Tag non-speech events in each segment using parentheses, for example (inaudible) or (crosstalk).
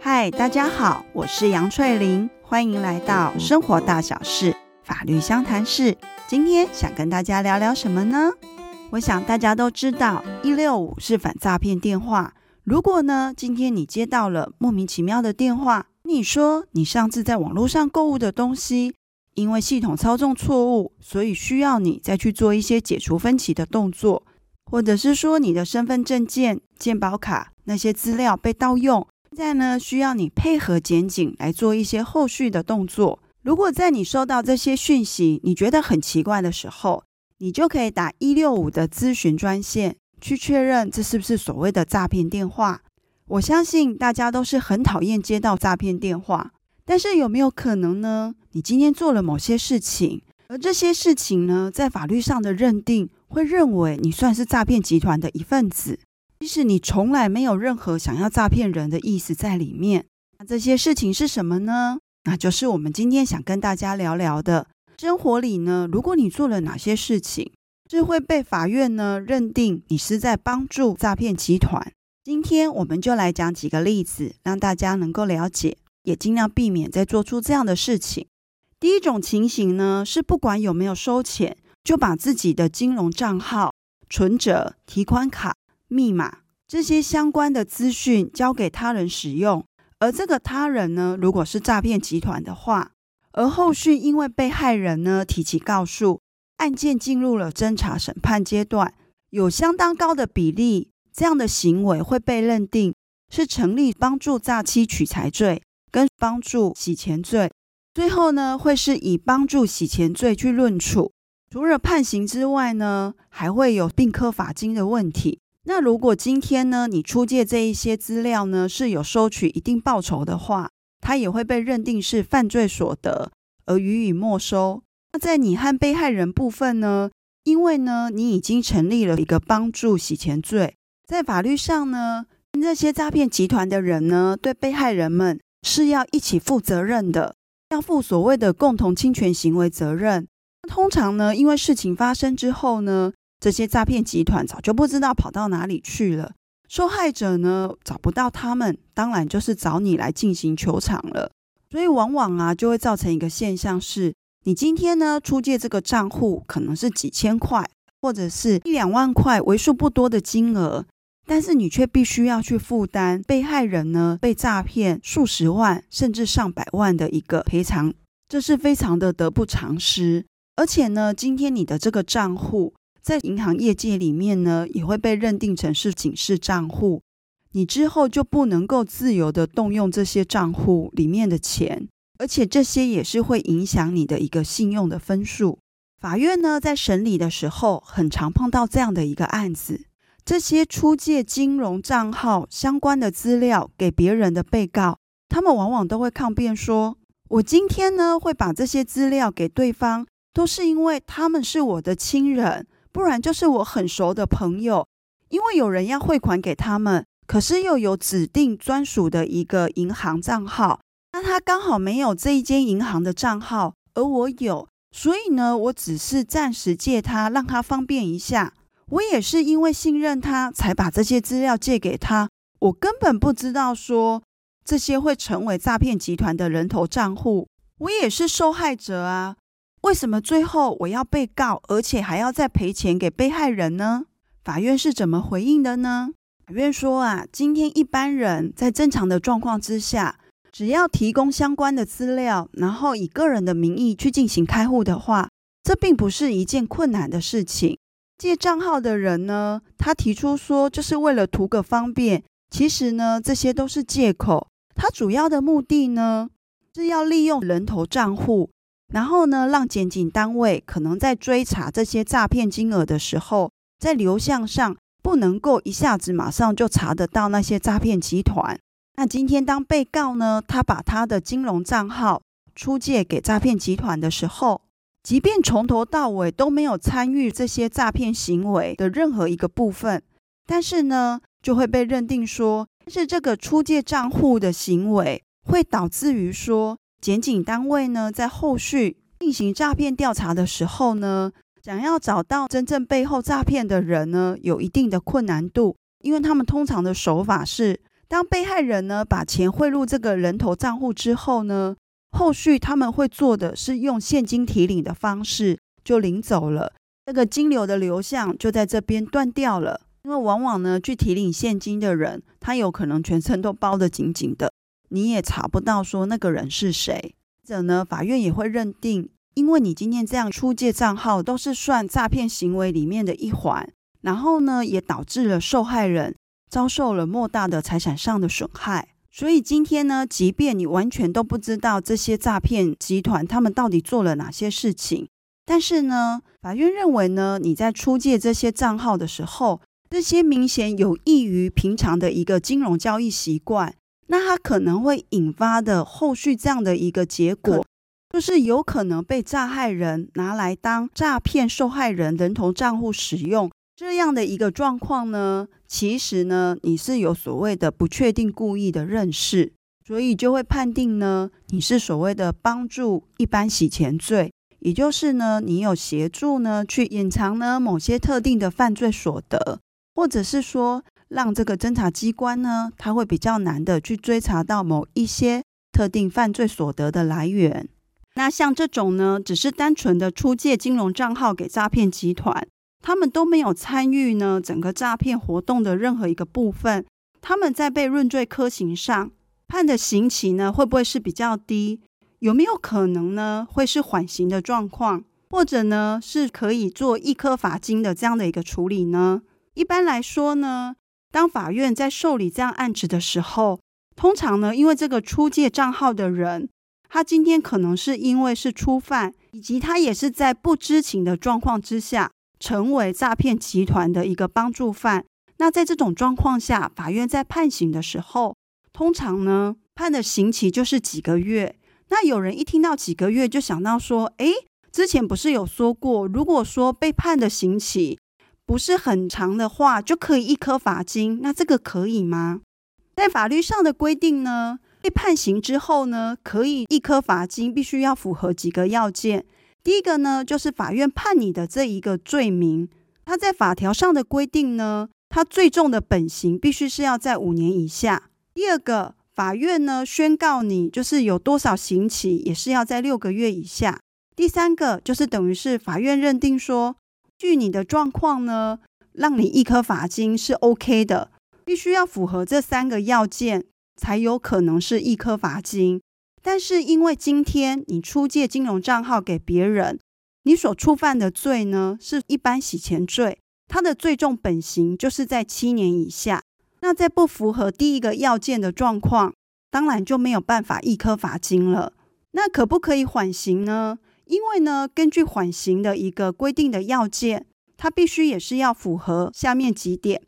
嗨，Hi, 大家好，我是楊翠玲，歡迎來到生活大小事法律相談室。今天想跟大家聊聊什麼呢？我想大家都知道，一六五是反詐騙電話。如果呢，今天你接到了莫名其妙的電話，你說你上次在網絡上購物的東西。因為系統操縱錯誤，所以需要你再去做一些解除分歧的動作或者是說你的身份證件、健保卡那些資料被盜用。現在呢，需要你配合檢警來做一些後續的動作。如果在你收到這些訊息，你覺得很奇怪的時候，你就可以打165的諮詢專線去確認這是不是所謂的詐騙電話。我相信大家都是很討厭接到詐騙電話，但是有沒有可能呢？你今天做了某些事情，而這些事情呢，在法律上的認定會認為你算是詐騙集團的一份子，即使你從來沒有任何想要詐騙人的意思在裡面。那這些事情是什麼呢？那就是我們今天想跟大家聊聊的。生活裡呢，如果你做了哪些事情，就會被法院呢認定你是在幫助詐騙集團。今天我們就來講幾個例子，讓大家能夠了解，也盡量避免再做出這樣的事情。第一種情形呢，是不管有沒有收錢，就把自己的金融賬號、存折、提款卡、密碼這些相關的資訊交給他人使用。而這個他人呢，如果是詐騙集團的話，而後續因為被害人呢提起告訴，案件進入了偵查、審判階段，有相當高的比例，這樣的行為會被認定是成立幫助詐欺取財罪跟幫助洗錢罪。最後呢，會是以幫助洗錢罪去論處。除了判刑之外呢，還會有併科罰金的問題。那如果今天呢，你出借這一些資料呢，是有收取一定報酬的話，它也會被認定是犯罪所得而予以沒收。那在你和被害人部分呢，因為呢，你已經成立了一個幫助洗錢罪，在法律上呢，那些詐騙集團的人呢，對被害人們是要一起負責任的。要負所謂的共同侵權行為責任，通常呢，因為事情發生之後呢，這些詐騙集團早就不知道跑到哪裡去了，受害者呢找不到他們，當然就是找你來進行求償了。所以往往啊，就會造成一個現象是，你今天呢出借這個賬戶，可能是幾千塊，或者是一兩萬塊，為數不多的金額。但是你卻必須要去負擔被害人呢被詐騙數十萬甚至上百萬的一個賠償，這是非常的得不償失。而且呢，今天你的這個賬戶在銀行業界裡面呢，也會被認定成是警示賬戶，你之後就不能夠自由的動用這些賬戶裡面的錢，而且這些也是會影響你的一個信用的分數。法院呢在審理的時候，很常碰到這樣的一個案子。這些出借金融賬號相關的資料給別人的被告，他們往往都會抗辯說：“我今天呢會把這些資料給對方，都是因為他們是我的親人，不然就是我很熟的朋友。因為有人要匯款給他們，可是又有指定專屬的一個銀行賬號，那他剛好沒有這一間銀行的賬號，而我有，所以呢，我只是暫時借他，讓他方便一下。”我也是因為信任他，才把這些資料借給他。我根本不知道說這些會成為詐騙集團的人頭賬戶。我也是受害者啊！為什麼最後我要被告，而且還要再賠錢給被害人呢？法院是怎麼回應的呢？法院說啊，今天一般人在正常的狀況之下，只要提供相關的資料，然後以個人的名義去進行開戶的話，這並不是一件困難的事情。借賬號的人呢，他提出說，就是為了圖個方便。其實呢，這些都是借口。他主要的目的呢，是要利用人頭賬戶，然後呢，讓檢警單位可能在追查這些詐騙金額的時候，在流向上不能夠一下子馬上就查得到那些詐騙集團。那今天當被告呢，他把他的金融賬號出借給詐騙集團的時候，即便從頭到尾都沒有參與這些詐騙行為的任何一個部分，但是呢，就會被認定說是這個出借賬戶的行為會導致於說，檢警單位呢在後續進行詐騙調查的時候呢，想要找到真正背後詐騙的人呢，有一定的困難度，因為他們通常的手法是，當被害人呢把錢匯入這個人頭賬戶之後呢。後續他們會做的是用現金提領的方式就領走了，那個金流的流向就在這邊斷掉了。因為往往呢，去提領現金的人，他有可能全程都包得緊緊的，你也查不到說那個人是誰。這呢，法院也會認定，因為你今天這樣出借賬號都是算詐騙行為裡面的一環，然後呢，也導致了受害人遭受了莫大的財產上的損害。所以今天呢，即便你完全都不知道這些詐騙集團他們到底做了哪些事情，但是呢，法院認為呢，你在出借這些賬號的時候，這些明顯有異於平常的一個金融交易習慣，那它可能會引發的後續這樣的一個結果，就是有可能被詐騙人拿來當詐騙受害人人頭賬戶使用。這樣的一個狀況呢，其實呢，你是有所謂的不確定故意的認識，所以就會判定呢，你是所謂的幫助一般洗錢罪，也就是呢，你有協助呢去隱藏呢某些特定的犯罪所得，或者是說讓這個偵查機關呢，他會比較難的去追查到某一些特定犯罪所得的來源。那像這種呢，只是單純的出借金融賬號給詐騙集團。他們都沒有參與呢整個詐騙活動的任何一個部分。他們在被論罪科刑上判的刑期呢，會不會是比較低？有沒有可能呢，會是緩刑的狀況，或者呢，是可以做易科罰金的這樣的一個處理呢？一般來說呢，當法院在受理這樣案子的時候，通常呢，因為這個出借賬號的人，他今天可能是因為是初犯，以及他也是在不知情的狀況之下，成為詐騙集團的一個幫助犯，那在這種狀況下，法院在判刑的時候，通常呢判的刑期就是幾個月。那有人一聽到幾個月就想到說，哎，之前不是有說過，如果說被判的刑期不是很長的話，就可以易科罰金。那這個可以嗎？在法律上的規定呢，被判刑之後呢，可以易科罰金，必須要符合幾個要件。第一個呢，就是法院判你的這一個罪名，他在法條上的規定呢，他最重的本刑必須是要在五年以下。第二個，法院呢宣告你就是有多少刑期，也是要在六個月以下。第三個就是等於是法院認定說，據你的狀況呢，讓你易科罰金是 OK 的，必須要符合這三個要件，才有可能是易科罰金。但是，因為今天你出借金融賬號給別人，你所觸犯的罪呢，是一般洗錢罪，它的最重本刑就是在七年以下。那在不符合第一個要件的狀況，當然就沒有辦法易科罰金了。那可不可以緩刑呢？因為呢，根據緩刑的一個規定的要件，它必須也是要符合下面幾點：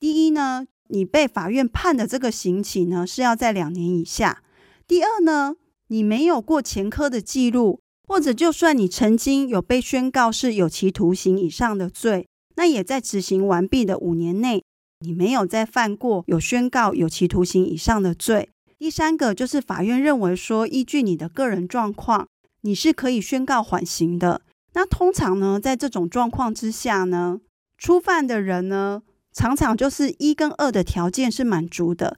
第一呢，你被法院判的這個刑期呢是要在兩年以下。第二呢，你沒有過前科的記錄，或者就算你曾經有被宣告是有期徒刑以上的罪，那也在執行完畢的五年內，你沒有再犯過有宣告有期徒刑以上的罪。第三個就是法院認為說，依據你的個人狀況，你是可以宣告緩刑的。那通常呢，在這種狀況之下呢，初犯的人呢，常常就是一跟二的條件是滿足的。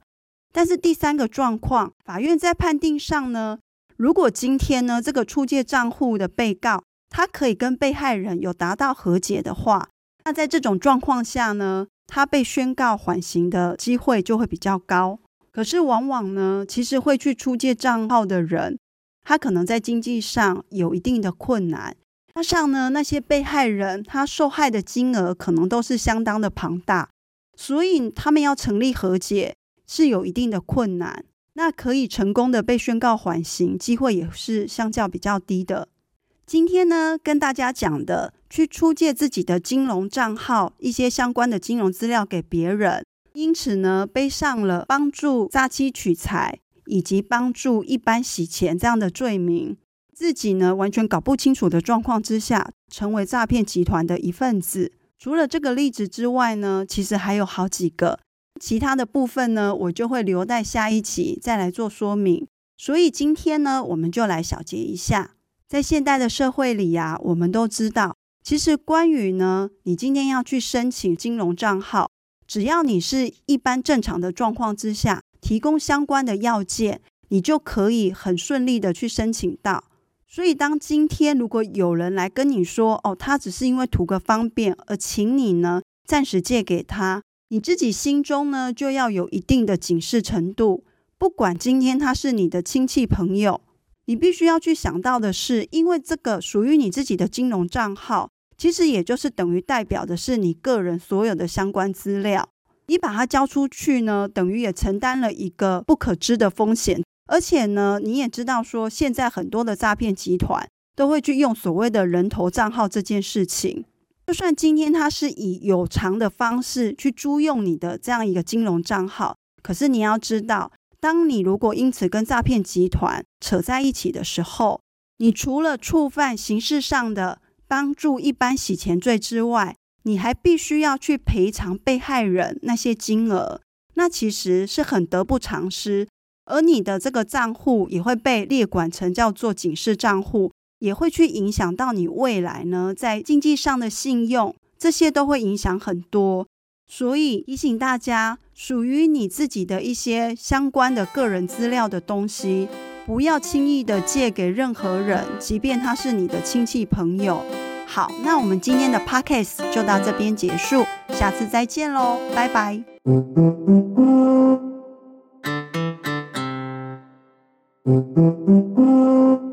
但是第三個狀況，法院在判定上呢，如果今天呢，這個出借賬戶的被告，他可以跟被害人有達到和解的話，那在這種狀況下呢，他被宣告緩刑的機會就會比較高。可是往往呢，其實會去出借賬號的人，他可能在經濟上有一定的困難，加上呢，那些被害人他受害的金額可能都是相當的龐大，所以他們要成立和解。是有一定的困難，那可以成功的被宣告緩刑，機會也是相較比較低的。今天呢，跟大家講的，去出借自己的金融賬號，一些相關的金融資料給別人，因此呢，背上了幫助詐欺取財以及幫助一般洗錢這樣的罪名。自己呢，完全搞不清楚的狀況之下，成為詐騙集團的一份子。除了這個例子之外呢，其實還有好幾個。其他的部分呢，我就會留待下一期再來做說明。所以今天呢，我們就來小結一下，在現代的社會裡啊，我們都知道，其實關於呢，你今天要去申請金融賬號，只要你是一般正常的狀況之下，提供相關的要件，你就可以很順利的去申請到。所以當今天如果有人來跟你說，哦，他只是因為圖個方便，而請你呢，暫時借給他。你自己心中呢，就要有一定的警示程度。不管今天他是你的親戚朋友，你必須要去想到的是，因為這個屬於你自己的金融賬號，其實也就是等於代表的是你個人所有的相關資料。你把它交出去呢，等於也承擔了一個不可知的風險。而且呢，你也知道說，現在很多的詐騙集團都會去用所謂的人頭賬號這件事情。就算今天他是以有償的方式去租用你的這樣一個金融賬號，可是你要知道，當你如果因此跟詐騙集團扯在一起的時候，你除了觸犯刑事上的幫助一般洗錢罪之外，你還必須要去賠償被害人那些金額，那其實是很得不償失，而你的這個賬戶也會被列管成叫做警示賬戶。也會去影響到你未來呢，在經濟上的信用，這些都會影響很多。所以提醒大家，屬於你自己的一些相關的個人資料的東西，不要輕易的借給任何人，即便他是你的親戚朋友。好，那我們今天的 Podcast 就到這邊結束，下次再見嘍，拜拜。 (noise)